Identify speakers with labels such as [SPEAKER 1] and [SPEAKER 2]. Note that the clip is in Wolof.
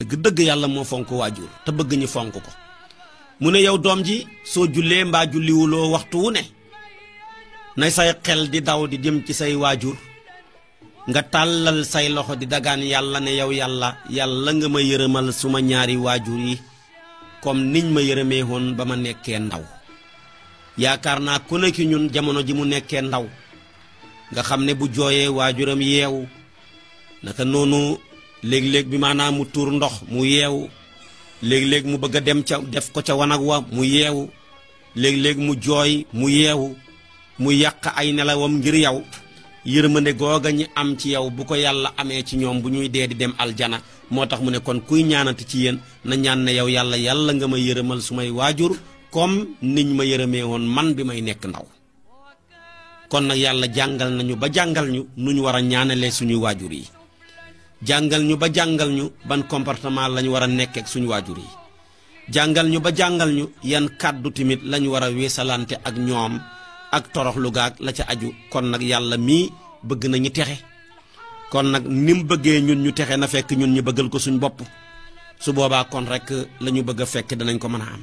[SPEAKER 1] dëgg dëgg yàlla moo fonk waajur te bëgg ñu fonk ko mu ne yow doom ji soo jullee mbaa julliwuloo waxtu wu ne na say xel di daw di jëm ci say waajur nga tàllal say loxo di dagaan yàlla ne yow yàlla yàlla nga ma yërëmal suma ñaari waajur yi comme niñ ma yërëmee woon ba ma nekkee ndaw yaakaar naa ku ne ñun jamono ji mu nekkee ndaw nga xam ne bu jooyee waajuram yeewu naka noonu léeg-léeg bi maanaam mu tuur ndox mu yeewu léeg-léeg mu bëgg a dem ca def ko ca wanag wa mu yeewu léeg-léeg mu jooy mu yeewu mu yàq ay nelawam ngir yow yërmande googa ñi am ci yow bu ko yàlla amee ci ñoom bu ñuy dee di dem aljana moo tax mu ne kon kuy ñaanati ci yéen na ñaan ne yow yàlla yàlla nga ma yërëmal su may waajur koom niñ ma yërëmee woon man bi may nekk ndaw kon nag yàlla jàngal nañu ba jàngal ñu nu ñu war a ñaanalee suñuy waajur yi jàngal ñu ba jàngal ñu ban comportement lañu war a nekkeek suñu waajur yi jàngal ñu ba jàngal ñu yan kàddu tamit lañu war a weesalante ak ñoom ak toroxlu gaag la ca aju kon nag yàlla mii bëgg na ñu texe kon nag ni mu bëggee ñun ñu texe na fekk ñun ñu bëggal ko suñu bopp su boobaa kon rek la ñu bëgg a fekk danañ ko mën a am